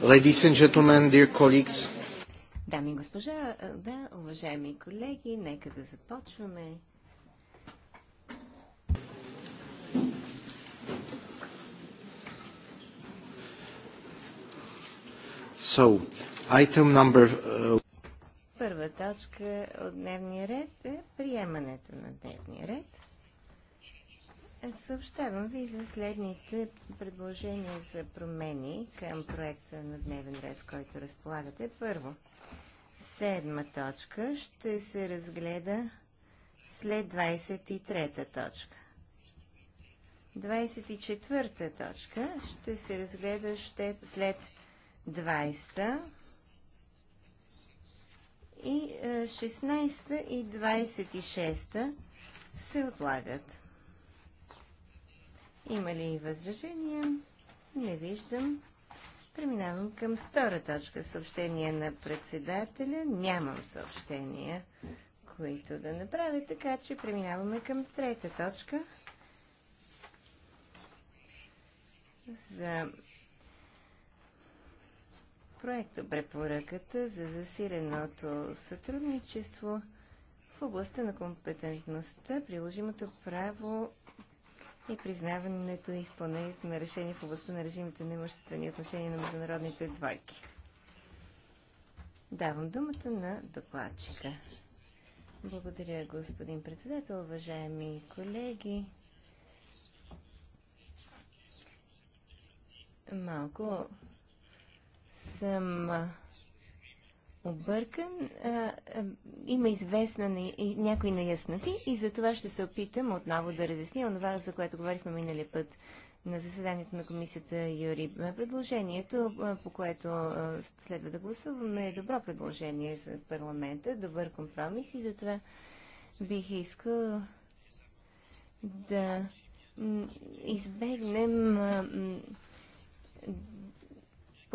Ladies and gentlemen, dear colleagues. Дами и госпожа, да, уважаеми колеги, нека да започваме. So, item number... Uh, Първа точка от дневния ред е приемането на дневния ред. Съобщавам ви за следните предложения за промени към проекта на дневен ред, който разполагате. Първо, седма точка ще се разгледа след 23-та точка. 24-та точка ще се разгледа след 20-та и 16-та е, и 26-та се отлагат. Има ли възражения? Не виждам. Преминавам към втора точка. Съобщение на председателя. Нямам съобщения, които да направя, така че преминаваме към трета точка. За проекта препоръката за засиленото сътрудничество в областта на компетентността, приложимото право и признаването и изпълнението на решения в областта на режимите на имуществени отношения на международните двойки. Давам думата на докладчика. Благодаря, господин председател, уважаеми колеги. Малко съм объркан. А, а, има известна на, и, някои неясноти и за това ще се опитам отново да разясня онова, за което говорихме миналия път на заседанието на комисията Юри. Предложението, по което следва да гласуваме, е добро предложение за парламента, добър компромис и затова бих искал да избегнем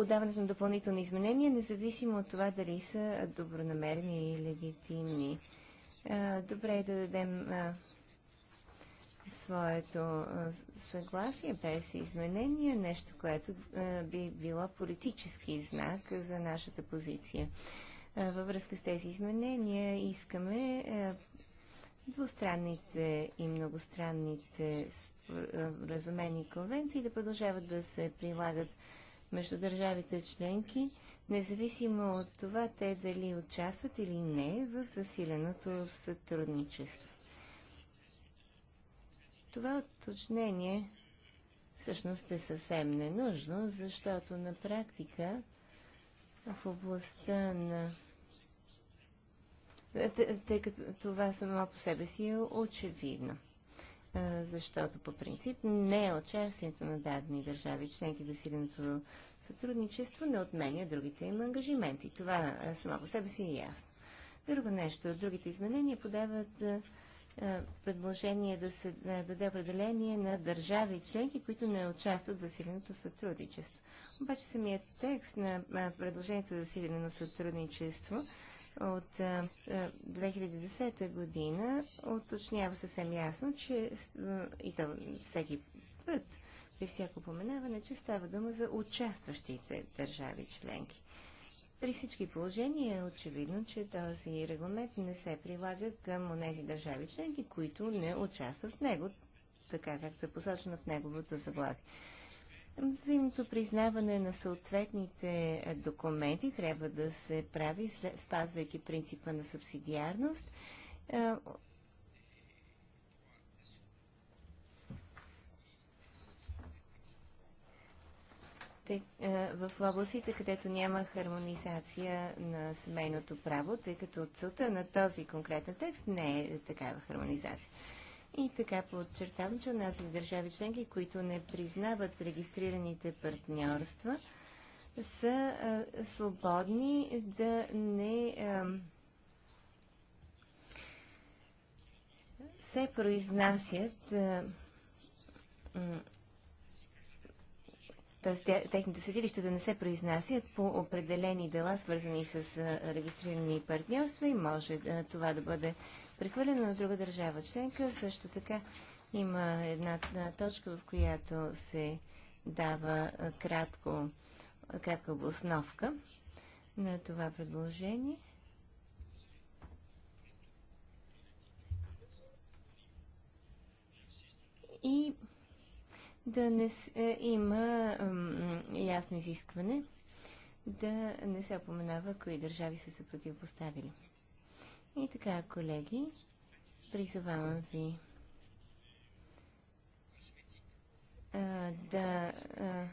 подаването на допълнителни изменения, независимо от това дали са добронамерни и легитимни. Добре е да дадем своето съгласие без изменения, нещо, което би било политически знак за нашата позиция. Във връзка с тези изменения искаме двустранните и многостранните разумени конвенции да продължават да се прилагат между държавите членки, независимо от това те дали участват или не в засиленото сътрудничество. Това уточнение всъщност е съвсем ненужно, защото на практика в областта на... Тъй като това само по себе си е очевидно защото по принцип не е участието на дадени държави членки за силеното сътрудничество не отменя другите им ангажименти. Това само по себе си е ясно. Друго нещо, другите изменения подават предложение да се да даде определение на държави и членки, които не участват в засиленото сътрудничество. Обаче самият текст на предложението за засилено сътрудничество от 2010 година уточнява съвсем ясно, че и то всеки път при всяко поменаване, че става дума за участващите държави членки. При всички положения е очевидно, че този регламент не се прилага към тези държави членки, които не участват в него, така както е посочено в неговото заглавие. Взаимното признаване на съответните е, документи трябва да се прави, спазвайки принципа на субсидиарност. Е, е, в областите, където няма хармонизация на семейното право, тъй като целта на този конкретен текст не е такава хармонизация. И така подчертавам, че у в държави членки, които не признават регистрираните партньорства, са а, свободни да не а, се произнасят а, т.е. техните съдилища да не се произнасят по определени дела, свързани с регистрирани партньорства и може това да бъде прехвърлено на друга държава членка. Също така има една точка, в която се дава кратко, кратка обосновка на това предложение. И да не с, е, има е, ясно изискване да не се опоменава кои държави са се противопоставили. И така, колеги, призовавам ви а, да а,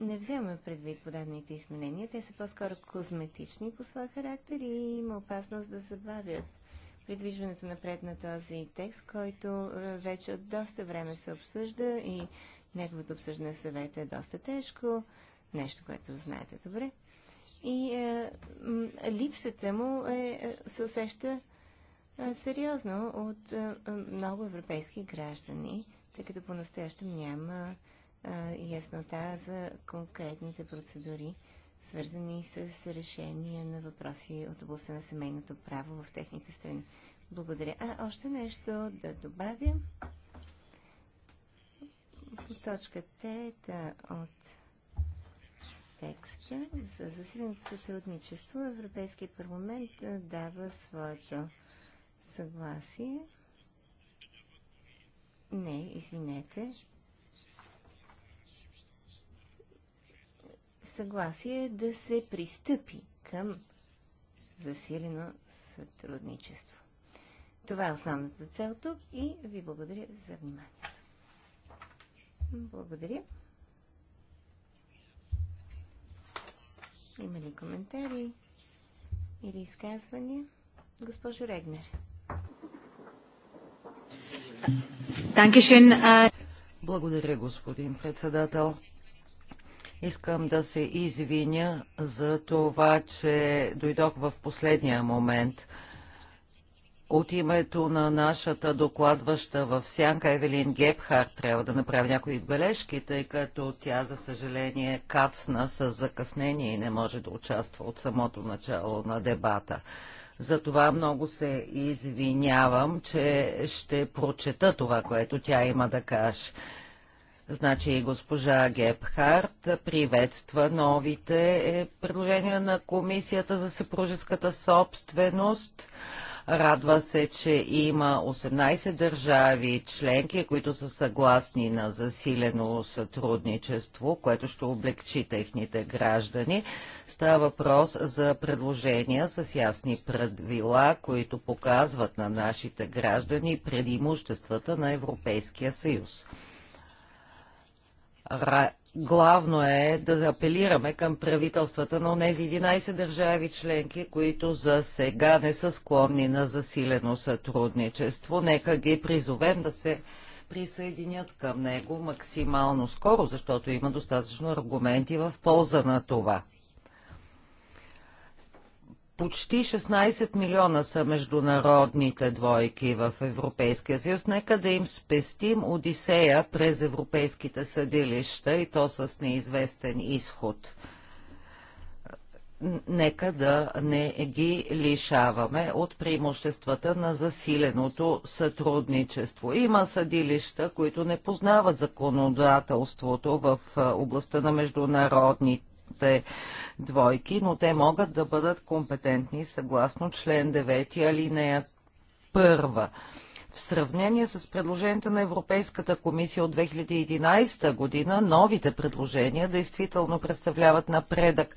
не вземаме предвид подадените изменения. Те са по-скоро козметични по своя характер и има опасност да забавят придвижването напред на този текст, който е, вече от доста време се обсъжда и неговото обсъждане в съвета е доста тежко, нещо, което знаете добре. И е, липсата му е, е, се усеща е, сериозно от е, е, много европейски граждани, тъй като по-настоящем няма е, яснота за конкретните процедури свързани с решение на въпроси от областта на семейното право в техните страни. Благодаря. А, още нещо да добавя. По точка трета от текста за засиленото сътрудничество Европейския парламент дава своето съгласие. Не, извинете. съгласие да се пристъпи към засилено сътрудничество. Това е основната цел тук и ви благодаря за вниманието. Благодаря. Има ли коментари или изказвания? Госпожо Регнер. Äh, благодаря, господин председател. Искам да се извиня за това, че дойдох в последния момент. От името на нашата докладваща в Сянка Евелин Гепхард трябва да направя някои бележки, тъй като тя, за съжаление, кацна с закъснение и не може да участва от самото начало на дебата. Затова много се извинявам, че ще прочета това, което тя има да каже. Значи госпожа Гепхарт приветства новите е, предложения на Комисията за съпружеската собственост. Радва се, че има 18 държави членки, които са съгласни на засилено сътрудничество, което ще облегчи техните граждани. Става въпрос за предложения с ясни правила, които показват на нашите граждани предимуществата на Европейския съюз. Главно е да апелираме към правителствата на тези 11 държави членки, които за сега не са склонни на засилено сътрудничество. Нека ги призовем да се присъединят към него максимално скоро, защото има достатъчно аргументи в полза на това почти 16 милиона са международните двойки в Европейския съюз. Нека да им спестим Одисея през европейските съдилища и то с неизвестен изход. Нека да не ги лишаваме от преимуществата на засиленото сътрудничество. Има съдилища, които не познават законодателството в областта на международните двойните двойки, но те могат да бъдат компетентни съгласно член 9 алинея 1. В сравнение с предложенията на Европейската комисия от 2011 година, новите предложения действително представляват напредък.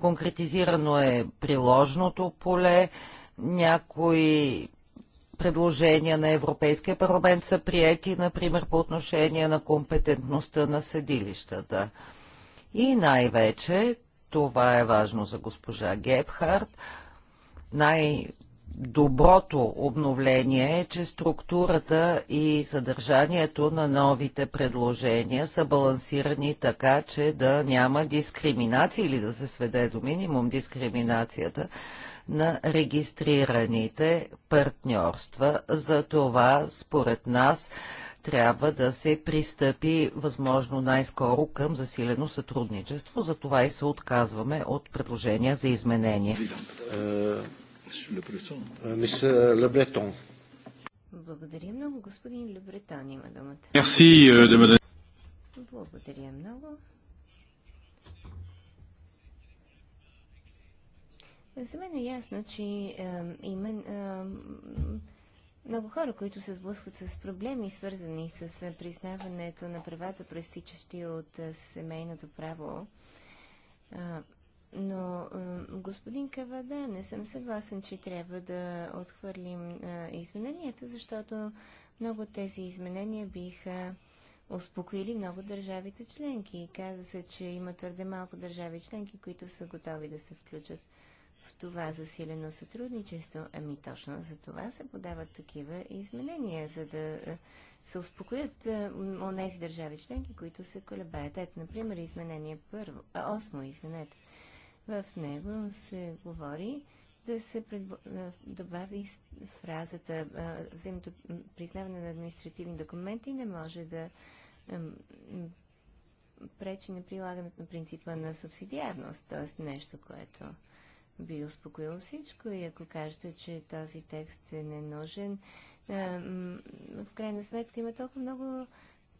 Конкретизирано е приложното поле, някои предложения на Европейския парламент са приети, например, по отношение на компетентността на съдилищата. Да. И най-вече, това е важно за госпожа Гебхард, най- доброто обновление е, че структурата и съдържанието на новите предложения са балансирани така, че да няма дискриминация или да се сведе до минимум дискриминацията на регистрираните партньорства. За това, според нас, трябва да се пристъпи възможно най-скоро към засилено сътрудничество. За това и се отказваме от предложения за изменение. Благодаря много, господин Лебретон има думата. Е, Благодаря много. За мен е ясно, че е, има е, много хора, които се сблъскват с проблеми, свързани с признаването на правата, проистичащи от семейното право. Но, господин Кавада, не съм съгласен, че трябва да отхвърлим измененията, защото много от тези изменения биха успокоили много държавите членки. Казва се, че има твърде малко държави членки, които са готови да се включат в това засилено сътрудничество. Ами точно за това се подават такива изменения, за да е, се успокоят е, онези държави членки, които се колебаят. Ето, например, изменение първо, а, осмо, извинете. В него се говори да се предбо... Е, добави фразата взаимното признаване на административни документи не може да пречи на прилагането на принципа на субсидиарност, т.е. нещо, което би успокоил всичко и ако кажете, че този текст е ненужен, в крайна сметка има толкова много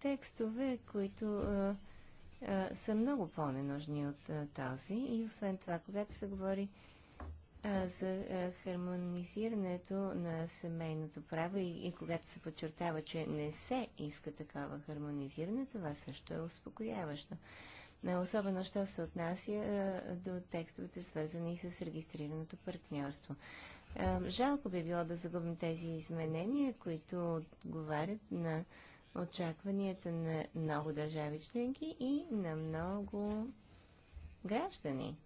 текстове, които са много по-ненужни от този. И освен това, когато се говори за хармонизирането на семейното право и, и когато се подчертава, че не се иска такова хармонизиране, това също е успокояващо особено що се отнася до текстовете, свързани с регистрираното партньорство. Жалко би било да загубим тези изменения, които отговарят на очакванията на много държави членки и на много граждани.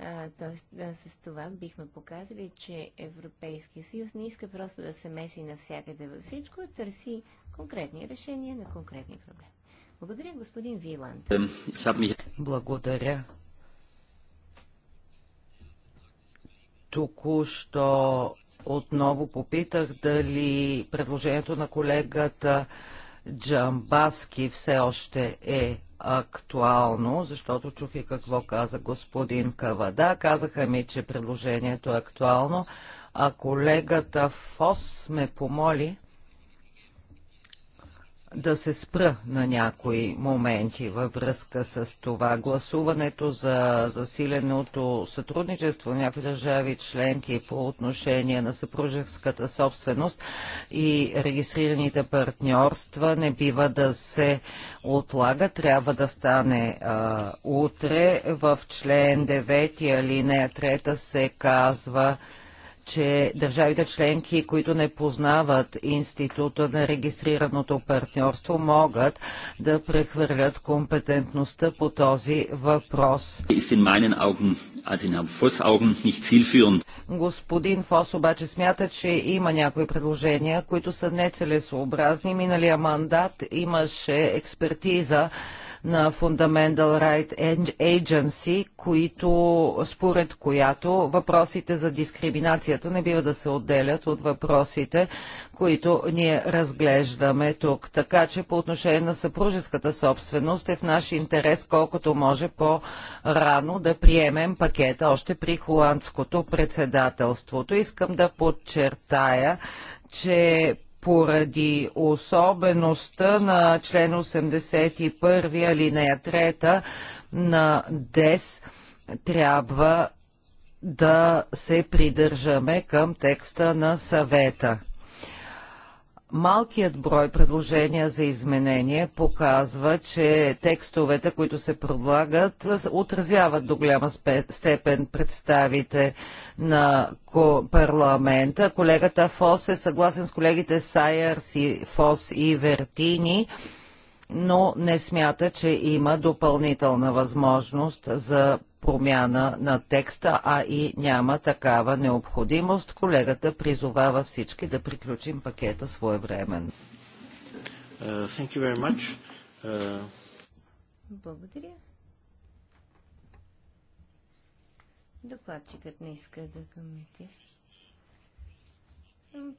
А, тоест, с това бихме показали, че Европейския съюз не иска просто да се меси навсякъде във всичко, търси конкретни решения на конкретни проблеми. Благодаря, господин Виланд. Благодаря. Току-що отново попитах дали предложението на колегата Джамбаски все още е актуално, защото чух и какво каза господин Кавада. Казаха ми, че предложението е актуално, а колегата Фос ме помоли да се спра на някои моменти във връзка с това. Гласуването за засиленото сътрудничество на някои държави членки по отношение на съпружеската собственост и регистрираните партньорства не бива да се отлага. Трябва да стане а, утре. В член 9 алинея 3 се казва, че държавите членки, които не познават института на регистрираното партньорство, могат да прехвърлят компетентността по този въпрос. Господин Фос обаче смята, че има някои предложения, които са нецелесообразни. Миналия мандат имаше експертиза на Fundamental Right Agency, които, според която въпросите за дискриминацията не бива да се отделят от въпросите, които ние разглеждаме тук. Така че по отношение на съпружеската собственост е в наш интерес колкото може по-рано да приемем пакета още при холандското председателството. Искам да подчертая, че поради особеността на член 81 алинея 3 на ДЕС трябва да се придържаме към текста на съвета. Малкият брой предложения за изменение показва, че текстовете, които се предлагат, отразяват до голяма степен представите на парламента. Колегата Фос е съгласен с колегите Сайерс и Фос и Вертини, но не смята, че има допълнителна възможност за промяна на текста, а и няма такава необходимост. Колегата призовава всички да приключим пакета своевременно. Uh, uh... Благодаря. Докладчикът не иска да коментира.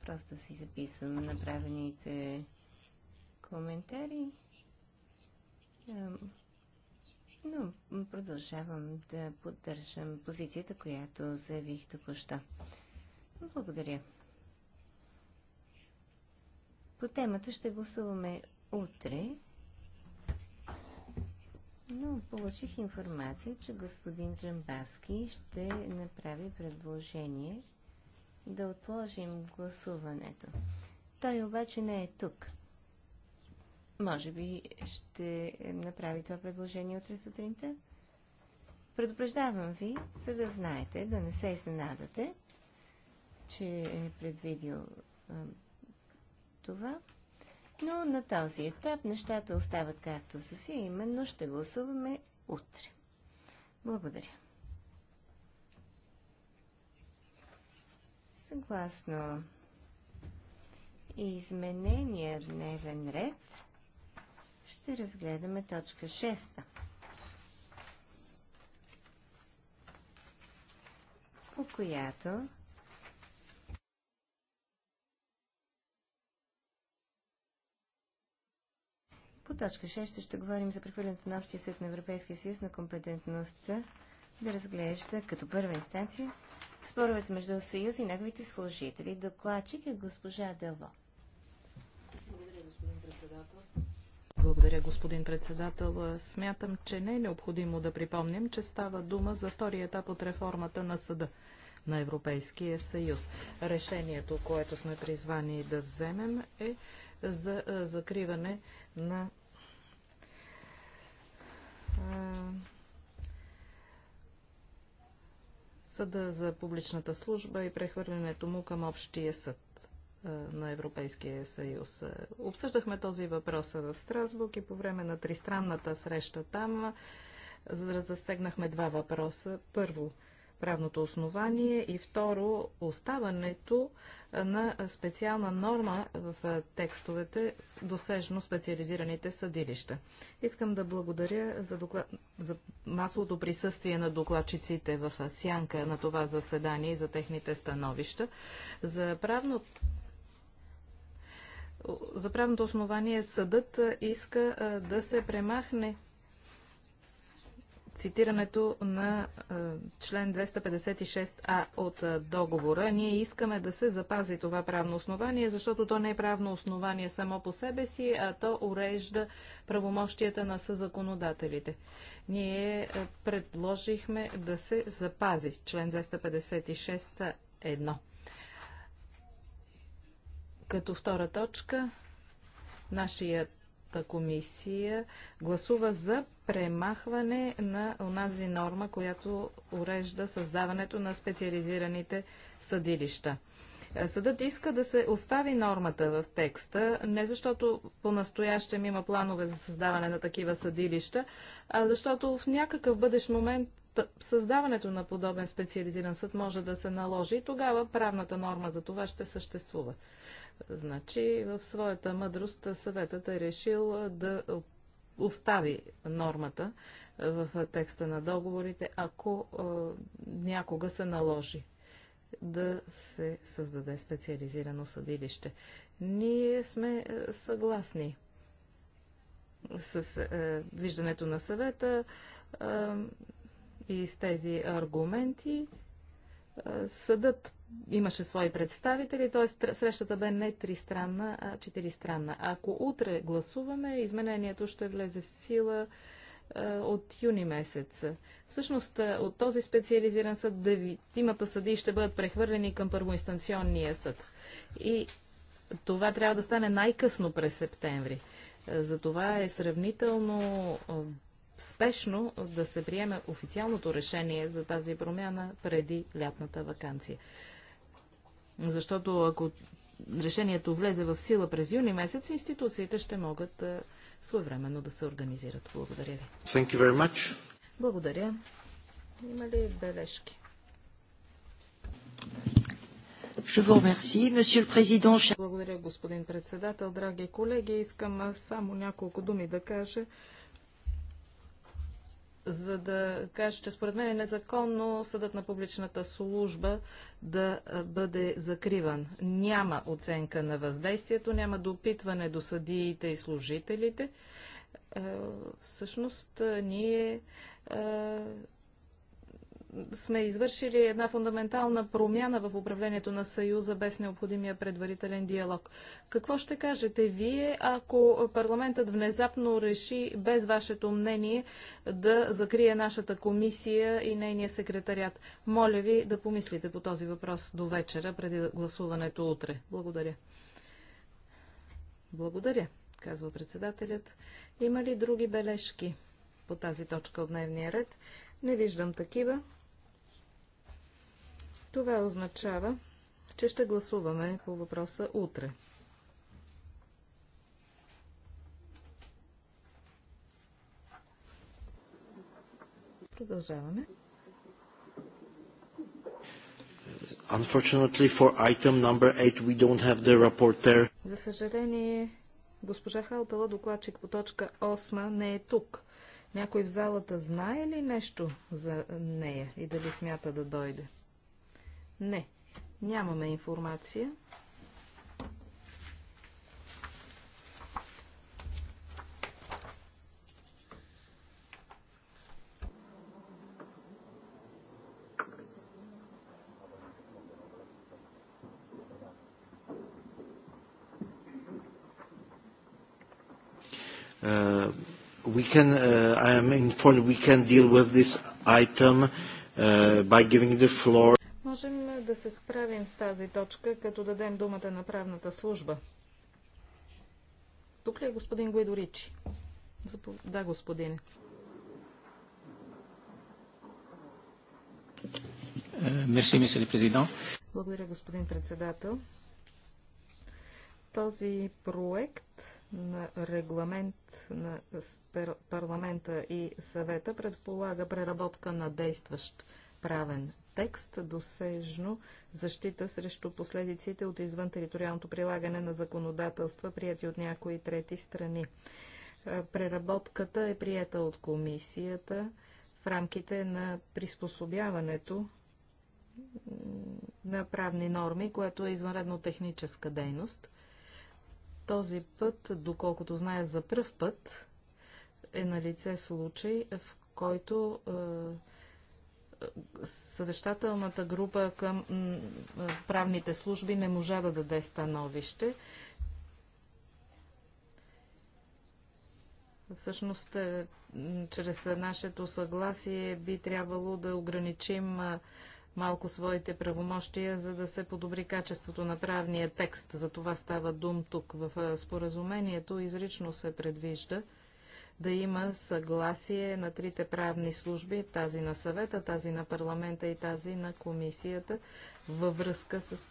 Просто си записвам направените коментари но продължавам да поддържам позицията, която заявих току-що. Благодаря. По темата ще гласуваме утре, но получих информация, че господин Джамбаски ще направи предложение да отложим гласуването. Той обаче не е тук. Може би ще направи това предложение утре сутринта. Предупреждавам ви, за да знаете, да не се изненадате, че е предвидил а, това. Но на този етап нещата остават както са си, именно ще гласуваме утре. Благодаря. Съгласно изменения дневен ред, ще разгледаме точка 6. По която По точка 6 ще говорим за прехвърлянето на Общия съд на Европейския съюз на компетентността да разглежда като първа инстанция споровете между Съюз и неговите служители. Докладчик е госпожа Дълво. Благодаря, господин председател. Благодаря, господин председател. Смятам, че не е необходимо да припомним, че става дума за втори етап от реформата на съда на Европейския съюз. Решението, което сме призвани да вземем е за е, закриване на е, съда за публичната служба и прехвърлянето му към общия съд. Е, на Европейския съюз. Е, обсъждахме този въпрос в Страсбург и по време на тристранната среща там е, засегнахме два въпроса. Първо, правното основание и второ, оставането на специална норма в текстовете, досежно специализираните съдилища. Искам да благодаря за, доклад... за масовото присъствие на докладчиците в сянка на това заседание и за техните становища. За правното за правното основание съдът иска да се премахне цитирането на член 256а от договора. Ние искаме да се запази това правно основание, защото то не е правно основание само по себе си, а то урежда правомощията на съзаконодателите. Ние предложихме да се запази член 256 1. Като втора точка, нашата комисия гласува за премахване на онази норма, която урежда създаването на специализираните съдилища. Е, съдът иска да се остави нормата в текста, не защото по-настоящем има планове за създаване на такива съдилища, а защото в някакъв бъдещ момент създаването на подобен специализиран съд може да се наложи и тогава правната норма за това ще съществува. Значи в своята мъдрост съветът е решил да остави нормата в текста на договорите, ако е, някога се наложи да се създаде специализирано съдилище. Ние сме съгласни с е, виждането на съвета. Е, и с тези аргументи. Съдът имаше свои представители, т.е. срещата бе не тристранна, а четиристранна. Ако утре гласуваме, изменението ще влезе в сила от юни месец. Всъщност от този специализиран съд девитимата съди ще бъдат прехвърлени към първоинстанционния съд. И това трябва да стане най-късно през септември. Затова е сравнително спешно да се приеме официалното решение за тази промяна преди лятната вакансия. Защото ако решението влезе в сила през юни месец, институциите ще могат своевременно да се организират. Благодаря ви. Thank you very much. Благодаря. Има ли бележки? Благодаря, господин председател. Драги колеги, искам само няколко думи да кажа за да кажа, че според мен е незаконно съдът на публичната служба да бъде закриван. Няма оценка на въздействието, няма допитване до съдиите и служителите. Всъщност, ние сме извършили една фундаментална промяна в управлението на Съюза без необходимия предварителен диалог. Какво ще кажете вие, ако парламентът внезапно реши без вашето мнение да закрие нашата комисия и нейния секретарят? Моля ви да помислите по този въпрос до вечера, преди гласуването утре. Благодаря. Благодаря, казва председателят. Има ли други бележки по тази точка от дневния ред? Не виждам такива. Това означава, че ще гласуваме по въпроса утре. Продължаваме. Unfortunately for item number 8 we don't have the rapporteur. За съжаление, госпожа Халтала, докладчик по точка 8, не е тук. Някой в залата знае ли нещо за нея и дали смята да дойде? Не, нямаме информация. we can, uh, I am informed we can deal with this item uh, by giving the floor продължим с тази точка, като дадем думата на правната служба. Тук ли е господин Гуидоричи? Да, господине. Мерси, мисли президент. Благодаря, господин председател. Този проект на регламент на парламента и съвета предполага преработка на действащ правен текст досежно защита срещу последиците от извън териториалното прилагане на законодателства, прияти от някои трети страни. Е, преработката е прията от комисията в рамките на приспособяването на правни норми, което е извънредно техническа дейност. Този път, доколкото знае за пръв път, е на лице случай, в който е, съвещателната група към правните служби не можа да даде становище. Всъщност, е, чрез нашето съгласие би трябвало да ограничим малко своите правомощия, за да се подобри качеството на правния текст. За това става дум тук. В споразумението изрично се предвижда да има съгласие на трите правни служби, тази на съвета, тази на парламента и тази на комисията във връзка с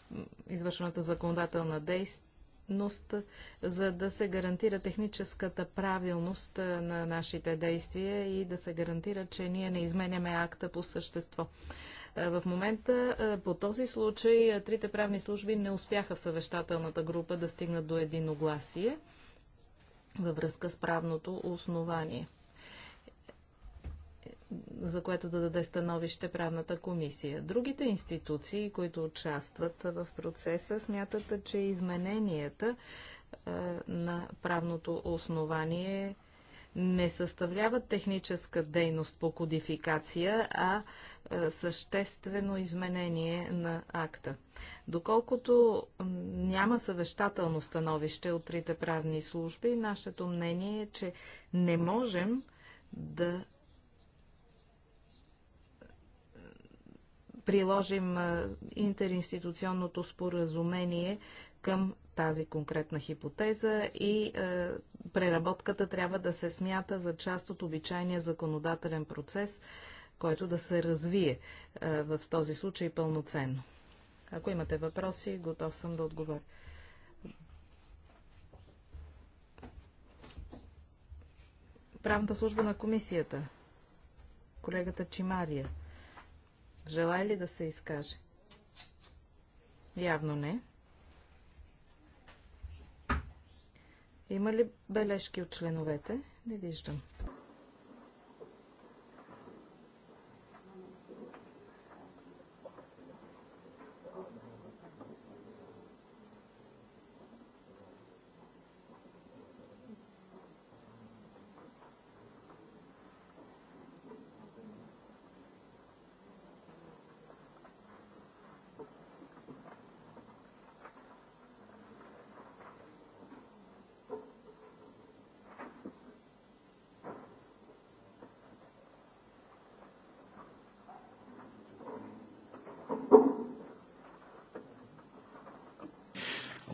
извършената законодателна действие за да се гарантира техническата правилност на нашите действия и да се гарантира, че ние не изменяме акта по същество. В момента по този случай трите правни служби не успяха в съвещателната група да стигнат до единогласие във връзка с правното основание, за което да даде становище правната комисия. Другите институции, които участват в процеса, смятат, че измененията на правното основание е не съставляват техническа дейност по кодификация, а е, съществено изменение на акта. Доколкото няма съвещателно становище от трите правни служби, нашето мнение е, че не можем да е, приложим е, интеринституционното споразумение към тази конкретна хипотеза и е, преработката трябва да се смята за част от обичайния законодателен процес, който да се развие е, в този случай пълноценно. Ако имате въпроси, готов съм да отговоря. Правната служба на комисията. Колегата Чимария. Желая ли да се изкаже? Явно не. Има ли бележки от членовете? Не виждам.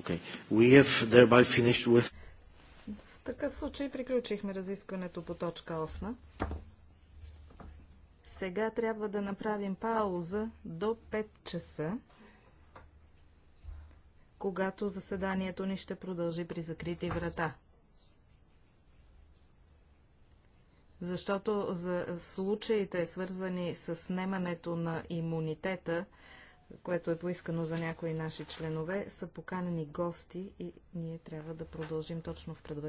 Okay. We have thereby finished with... В такъв случай приключихме разискването по точка 8. Сега трябва да направим пауза до 5 часа, когато заседанието ни ще продължи при закрити врата. Защото за случаите, свързани с снемането на имунитета, което е поискано за някои наши членове, са поканени гости и ние трябва да продължим точно в предварително.